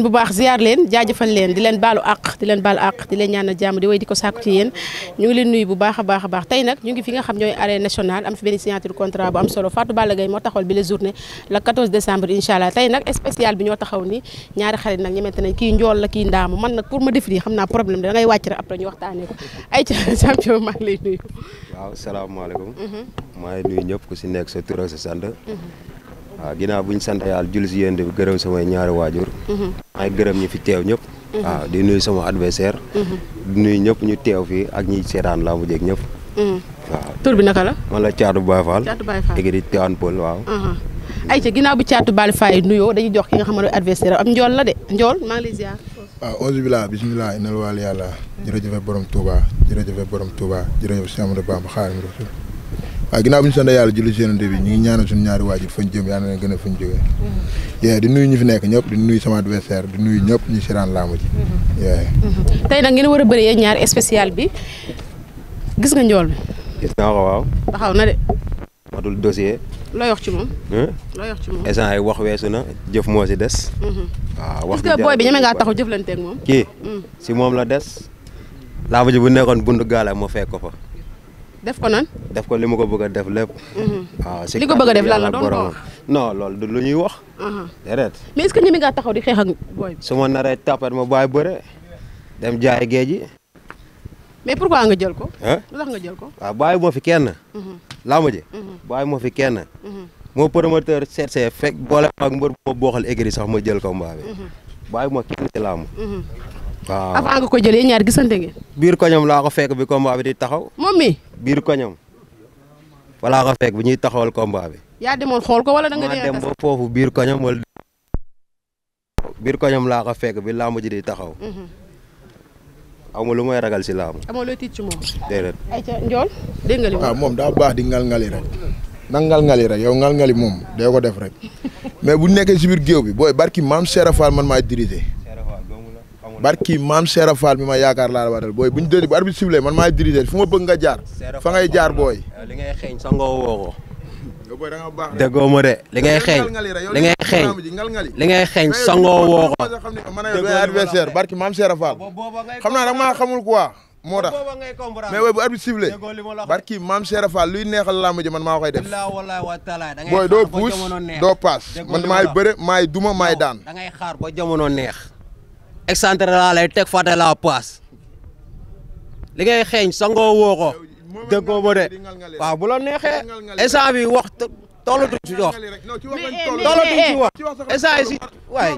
leen bu baax ziar leen jaajëfal leen di leen baalu àq di leen baalu àq di leen ñaanal jàmm di way di ko sàkku ci yéen ñu leen nuyu bu baax a baax a baax tey nag ñu ngi fi nga xam ñooy arène nationale am fi benn signature contrat bu am solo Fatou Balla Gaye moo taxawal bi la journée le 14 décembre incha allah tey nag spécial bi ñoo taxaw ni ñaari xarit nag ñemente nañ kii njool la kii ndaamu man nag pour ma def xam naa problème da wàcc rek waaw ginnaaw bu sant yàlla julli si yéen bi gërëm samay ñaari waajur. Mhm. maa ngi gërëm ñi fi teew ñëpp. Mhm. waaw di nuyu sama adversaire. Mhm. di nuyu ñëpp ñu teew fii ak ñi seetaan laa mu ñëpp. waaw bi naka la. man la Thiatou Baye Fall. Thiatou Baye Fall léegi di Tivaouane Peulh waaw. ayca ginnaaw bi Thiatou Baye Fall nuyoo dañuy jox ki nga xam ne adversaire am njool la de njool maa ngi lay ziar. waaw auzu bilaa bisimilah inal waal yàlla. jërëjëf borom waaw ginnaaw bi ñu sant yàlla julli ci yonente bi ñu ngi ñaanal suñu ñaari waajur fañ jëm yàlla na gën a fañ jógee mm-hmm. di nuyu ñu fi nekk ñëpp di nuyu sama adversaire di nuyu ñëpp ñu si raan laamu ji mm-hmm. yee mm-hmm. tey nag ngeen war a bëri yéen ñaari spécial bi gis nga njool bi gis naa ko waaw taxaw na de matul dossier looy wax ci moom looy wax yi wax weesu na jëf moo si des waaw ah, wax booy bi ñeme ngaa taxaw jëflanteeg moom kii mm. si moom la des laamu ji bu nekkoon bund gaala moo fekk ko fa def ko nan. def ko li ma ko bëgg a def lépp. waaw mhm. ah, si li ko bëgg a def lan la doon ko wax non loolu du lu ñuy wax. Mhm. déedéet. mais est-ce que ñeme taxaw di xeex ak booy tapet ma bàyyi bëre dem jaay géej mais pourquoi nga jël ko. lu tax nga jël ko. waaw ah, bàyyi moo fi kenn. Mhm. làmb ji. bàyyi moo fi kenn. moo promoteur seet see fekk boole ak mbër moo booxal écurie sax ma jël combat bi. bàyyi moo kenn ci làmb. waaw avant nga ko jëlee ñaar gisante ngeen. biir koñam laa ko fekk bi combat bi di taxaw. moom mi biir koñam. walaa ko fekk bi ñuy taxawal combat bi. yaa demoon xool ko wala da nga. maa dem ba foofu ko fekk bi làmb mhm. lu may ragal si laamu. amoo looy tiit ci moom. déedéet. ayca ah, ngali moom dee ko def rek mais bu nekk si géew bi booy barki maam Serap Fall man maay dirigé. barki maam Seera Fall mi ma yaakaar laa la waatal booy bu ñu déglu bu arbitre sifflé man maay diriger fu ma bëgg nga jaar. fa ngay jaar booy. li ngay xeeñ sangoo woo ko. déggoo ma de li ngay xeeñ li ngay xeeñ li ngay xeeñ sangoo woo ko. adversaire barki maam Seera Fall xam naa nag maa xamul quoi. moo tax mais booy bu arbitre sifflé barki maam Seera Fall luy neexal làmb ji man maa koy def booy doo puus doo paas man maay bëre maay duma maay daan. da xaar ba jamono neex. excentré laa lay teg fàtte la paas li nga xeeñ sangoo woo ko déggoo ba de waaw bu la neexee instant bi wax tollatuñ ci wax tollatuñ ci wax instant yi si waaye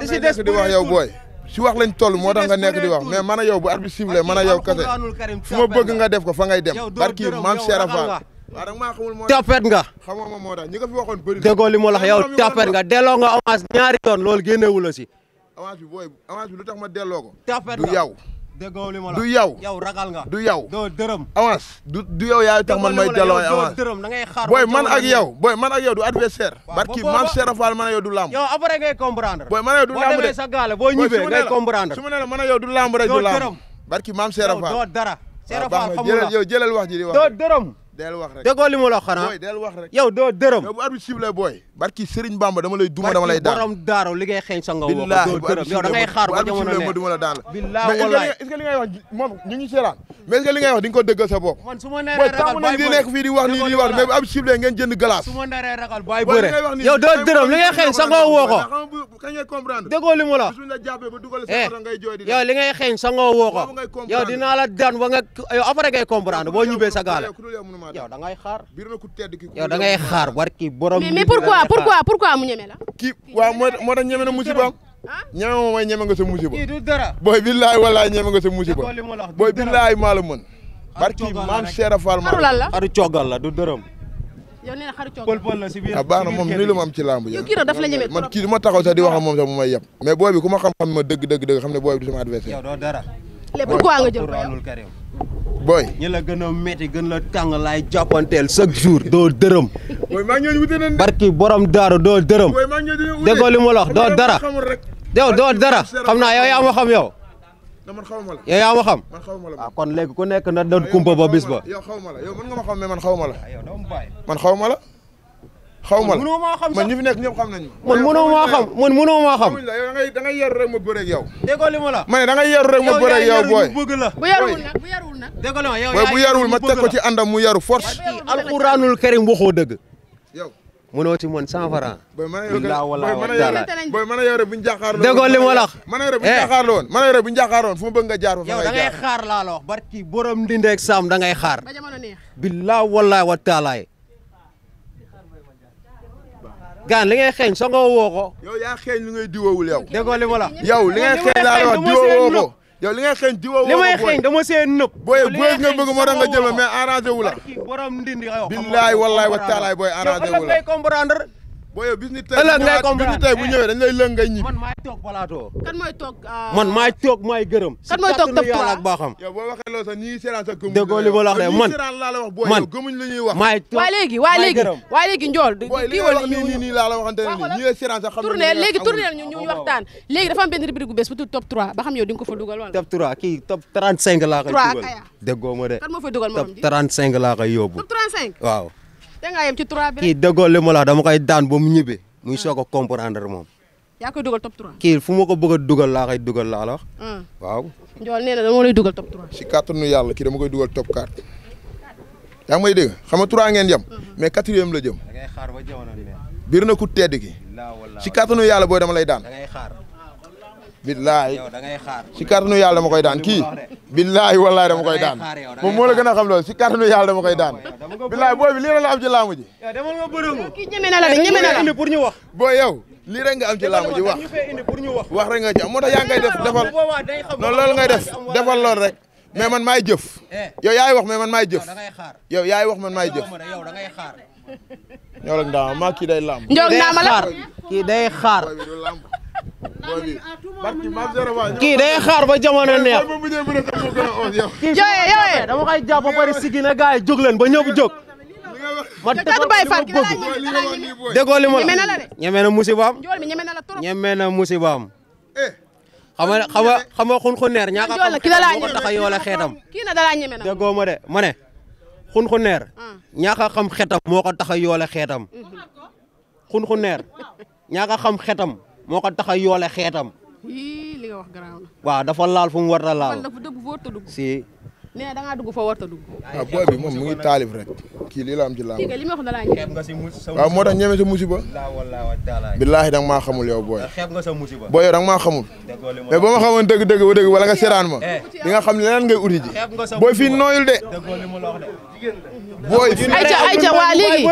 li si des di wax yow booy si wax lañ toll moo tax nga nekk di wax mais bu arbitre sifflé man a yow ma bëgg nga def ko fa ngay dem barki maam Serapha tapet nga déggoo li ma la wax yow tapet nga delloo nga avance ñaari yoon lool génnewu la si avance bi lu tax ma delloo ko. du yow. déggoo li ma la du yaw yow ragal nga du yow. doo dërëm avance. du du yow yaa tax man may delloo avance dërëm da ngay man ak yow booy du adversaire. barki man Serap Fall man du lamb. yow du lamb de boo ma nee la man ak yow du lamb rek du lamb. barki maam Serap Fall doo dara. Serap Fall xamul la yow jëlal wax ji di wax. doo dërëm. del wax rek déggoo li ma la xanaa. booy del wax rek yow doo dërëm. yow bu arbitre sifflé booy barki Serigne Bamba dama lay duma dama lay daan borom daaro li ngay xeeñ sa nga woo yow da ngay xaar ba jamono ne ma duma la daan la mais est-ce que li ngay wax moom ñu ngi seelaan mais est-ce que li ngay wax di nga ko dëggal sa bopp man su ma nee ragal booy di nekk fii di wax nii di wax mais bu am cible ngeen jënd glace su ma nee ragal booy bëre yow doo dërëm li ngay xeeñ sa nga woo ko kañ ngay comprendre déggoo li mu la eh, yow li ngay xeeñ sa nga woo ko yow dinaa la daan ba nga yow après ngay comprendre boo ñibbee sa gaale yow da ngay xaar yow da ngay xaar barki borom mais pourquoi pourquoi pourquoi mu ñeme la. kii waaw moo moo tax ñeme na musibaam. Ah? ñeme ma mooy ñeme nga sa musiba. kii du dara. booy billaay la mën. barki maam Cheikh Fall ma la xaru coogal la du dërëm. yow nee na xaru coogal pël pël la si biir ah baax la ma am ci làmb kii nag daf la ñeme man kii du ma taxaw sax di ma xam-xam ma ne booy bi du sama adversaire. yow la gën a métti gën la tàng laay jàppanteel doo dërëm barki borom daaru doo dërëm déggoo li ma la wax doo dara yow doo dara xam naa yow yaa ma xam yow yow yaa ma xam waaw ah, kon léegi ku nekk na doon ah, kumpa ba bis ba yow xaw ma la yow mën nga ma xam mais man xaw ma la ah, man xaw ma la xaw ma la man ñi fi nekk ñëpp xam nañu man mënoo maa xam man mënoo maa xam da ngay yaru rek ma bëreeg yow déggoo li ma la ma ne da ngay yaru rek ma bëreeg yow booy bu yarul nag bu yarul nag déggoo li ma yow bu yarul ma teg ko ci àndam mu yaru force alquranul karim waxoo dëgg mënoo ci mën cent franc. booy mën a yore booy mën a yore bu ñu jàkkaarloo. déggoo bu ñu eh. jàkkaarloo a yore bu ñu jàkkaarloo da ngay xaar laa la wax barki borom ndindeeg saam da ngay xaar. billaa wallaahi wa taalaay. gaan li ngay xeeñ songoo woo ko. yow yaa xeeñ li ngay diwoowul yow. déggoo li ma la yow li ngay xeeñ di woo li may xeeñ dama seen nëb booy góor nga bëgg moo tax nga jël mais arrangé wu la borom ndindi billaay wallaay wa taalaay booy arrangé boo yow bis ni tey bu ñëwee dañ lay lëng ngay ñibbi. man maay toog plateau. kan mooy toog. Ah, man maay toog maay gërëm. kan mooy toog tëb yàlla ak baaxam. yow boo waxee loolu sax ñii seeraan sax gëmuñ. déggoo li ma la wax de man man gëmuñ li ñuy wax. maay toog maay gërëm waaye léegi waaye léegi njool. kii wala ñu nii nii laa la waxante ne nii ñii seeraan sax xam nañ tournée léegi tournée ñu ñu waxtaan léegi dafa am benn rubrique bu bees bu tudd top 3 ba xam yow di nga ko fa dugal wala. top 3 kii top 35 laa koy dugal. déggoo ma de. kan moo fay dugal moom top 35 laa koy yóbbu. top 35 waaw da ngaa yem ci 3 bi kii déggoo li ma la wax dama koy daan ba mu ñibbi. muy ah. soog a comprendre moom. yaa koy dugal top 3. kii fu ma ko bëgg a dugal laa koy dugal laa la wax. Ah. waaw. Ndiol nee na dama lay dugal top 3. si kàttanu yàlla kii dama koy dugal top 4. yaa ngi may xam nga 3 ngeen jëm. Mhm. mais quatrième la jëm. da ngay xaar ba jamono biir na ku tedd gi. si kàttanu yàlla booy dama lay daan. da ngay xaar. billaay si kàttanu yàlla dama koy daan kii billaay wallaay dama koy daan moom moo la gën a xam loolu si kàttanu yàlla dama koy daan billaay booy bi lii rek la am ci laamu ji. demal nga bërëngu kii ñeme na la de ñeme na la pour ñu wax. boo yow lii rek nga am ci laamu ji wax wax rek nga ci am moo tax yaa ngay def defal non loolu ngay def defal loolu rek mais man maay jëf eh. yow yaay wax mais man maay jëf yow yaay wax man maay jëf. ñoo la ndaama maa kii day laam. njoog ndaama la kii day xaar. Ah, kii day xaar ba jamono neex. yooyu yooyu dama koy jàpp ba pare sigi na gars jóg leen ba ñëpp jóg. ma defar li ma bëgg déggoo li ma ñeme na musibaam ñeme na musibaam. Eh. xam nga xam nga xam nga xunxuneer ñaaka xam moo ko tax a yoola xeetam. déggoo ma de ma ne. xunxuneer ah. ñaaka xam xetam moo ko tax a yoola xeetam. Mm-hmm. xam xetam. moo ko tax yoole xeetam. li wax garaaw waaw dafa laal fu mu war a laal. si. nee na da ngaa dugg ah, booy bi moom mu ngi taalif rek kii lii la am ci laa li ma wax da waaw moo tax ñeme sa musiba billaahi da nga maa xamul yow booy xeeb nga sa musiba booy yow da maa xamul mais ba ma xamoon dëgg dëgg ba dëgg wala nga seraan ma eh. di nga xam ne leneen ngay uti ji booy fii nooyul de booy ayca ayca waa léegi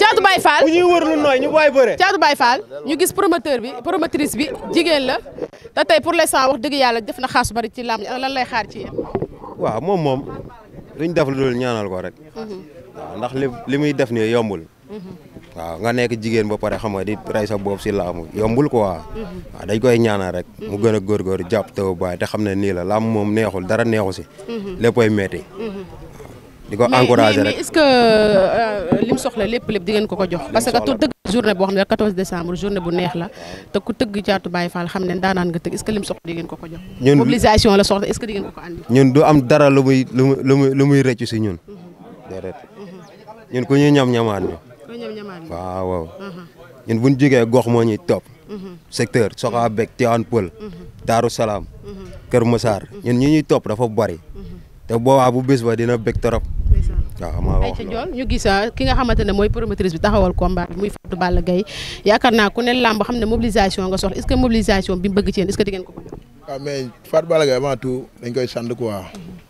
caatu Baye Fall bu ñuy wër lu nooy ñu booy bëre caatu Baye Fall ñu gis promoteur bi promotrice bi jigéen la te tey pour l'instant wax dëgg yàlla def na xaas bari ci lamb ak lan lay xaar ci yéen waaw moom moom liñ def lu dul ñaanal ko rek. waaw ndax li li muy def nii yombul. waaw nga nekk jigéen ba pare xam nga di rey sa boobu si laamu yombul quoi. waaw dañ koy ñaanal rek. mu gën a góorgóorlu jàpp taw baay te xam ne nii la laamu moom neexul dara neexu si. léppay metti. di ko encouragé rek mais mais est-ce que euh, euh, lim soxla lépp lépp di ngeen ko ko jox. parce que tout dëgg. journée boo xam ne 14 décembre journée bu neex la te ku tëgg caatu Baye Fall xam ne daanaan nga tëgg est ce que di ngeen ko ko jox. ñun la soxla est ce que di ngeen ko ko andi. ñun du am dara lu muy lu muy lu muy rëcc si ñun. Mhm. déedéet ñun ku ñuy ñam ñamaan ñu. ku ñam ñamaan ñu waaw mhm. ñun bu ñu jógee gox moo ñuy topp. Mhm. secteur Soxna Bek Tivaouane Peulh. Daaru Salaam. Kër Massar ñun ñi ñuy topp dafa bari. te boobaa bu bés ba dina bég torop waaw ay ca jool ñu gis ah, ki nga xamante ne mooy promotrice bi taxawal combat bi di ngeen ko ko waaw ah, mais Fatou Balla Gaye avant tout dañ koy sant quoi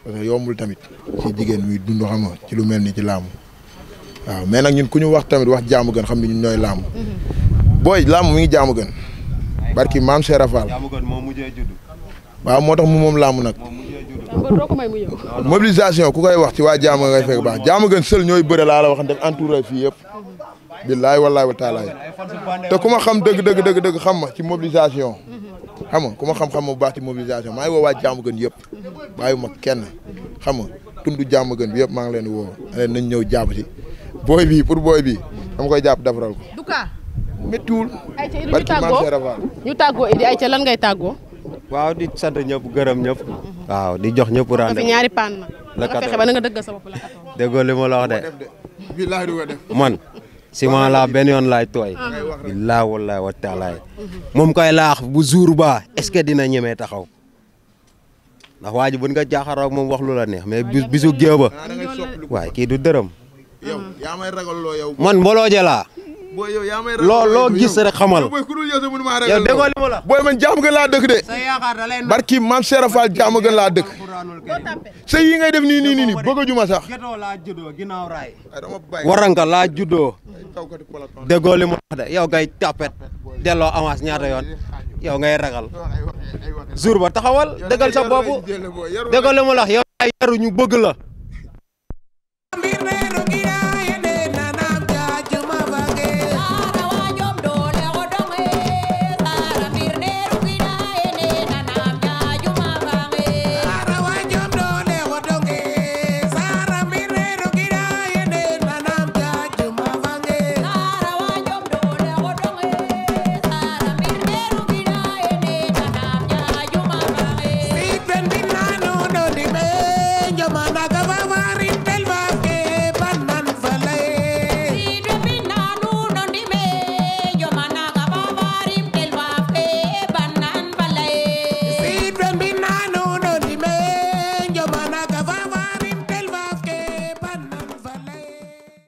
parce que yombul tamit ci jigéen muy dund xam ci lu mel ni ci làmb waaw mais nag ñun ku ñu wax tamit wax jaamu gën xam ne ñun ñooy làmb mhm. booy làmb mi ngi jaamu gën barki maam a Fall waaw moo tax mu moom làmb nag mobilisation ku koy wax ci waa jaama ngay fekk baax jaama gën sël ñooy bëre laa la wax def fii yëpp billaay wallaay wa te ku ma xam dëgg dëgg dëgg dëgg xam ma ci mobilisation xam ku ma xam-xam ma bu baax ci mobilisation maa ngi waa jaama gën yëpp bàyyi ma kenn xam nga tund jaama gën bi yëpp maa ngi leen di woo leen nañ ñëw jàpp ci booy bii pour booy bii dama koy jàpp defaral ko méttiwul barki maam Seera Fall ñu lan ngay tàggoo waaw di sant ñëpp gërëm ñëpp. waaw di jox ñëpp rendez-vous. fi ñaari paan na. la fexe ba na nga dëgg sa bopp la déggoo li ma la wax de. billahi du ko def man. ciment laa benn yoon laay tooy. billaahi wallaahi wa taalaay. moom koy laax bu jour ba est-ce que dina ñemee taxaw. ndax waa ji buñ nga jaaxaaroo ak moom wax lu la neex mais bisu géew ba. Ah, waaye kii du dërëm. yow yaa may ragal loo yow. man mbooloo jëlaa. booy yow yaa may ragal loo loo gis rek xamal. booy ku la. booy man jaamu gën laa dëkk de. sa yaakaar da lay barki maam Seera Fall jaamu gën laa dëkk. sa yi ngay def nii nii nii nii bëggu ma sax. jotoo laa juddoo ginnaaw raay. waranka laa juddoo. déggoo li ma wax de yo ngay tapet delloo avance ñaata yoon yow ngay ragal. jour ba taxawal dëggal sa bopp déggoo li ma la wax yow yaru ñu bëgg la.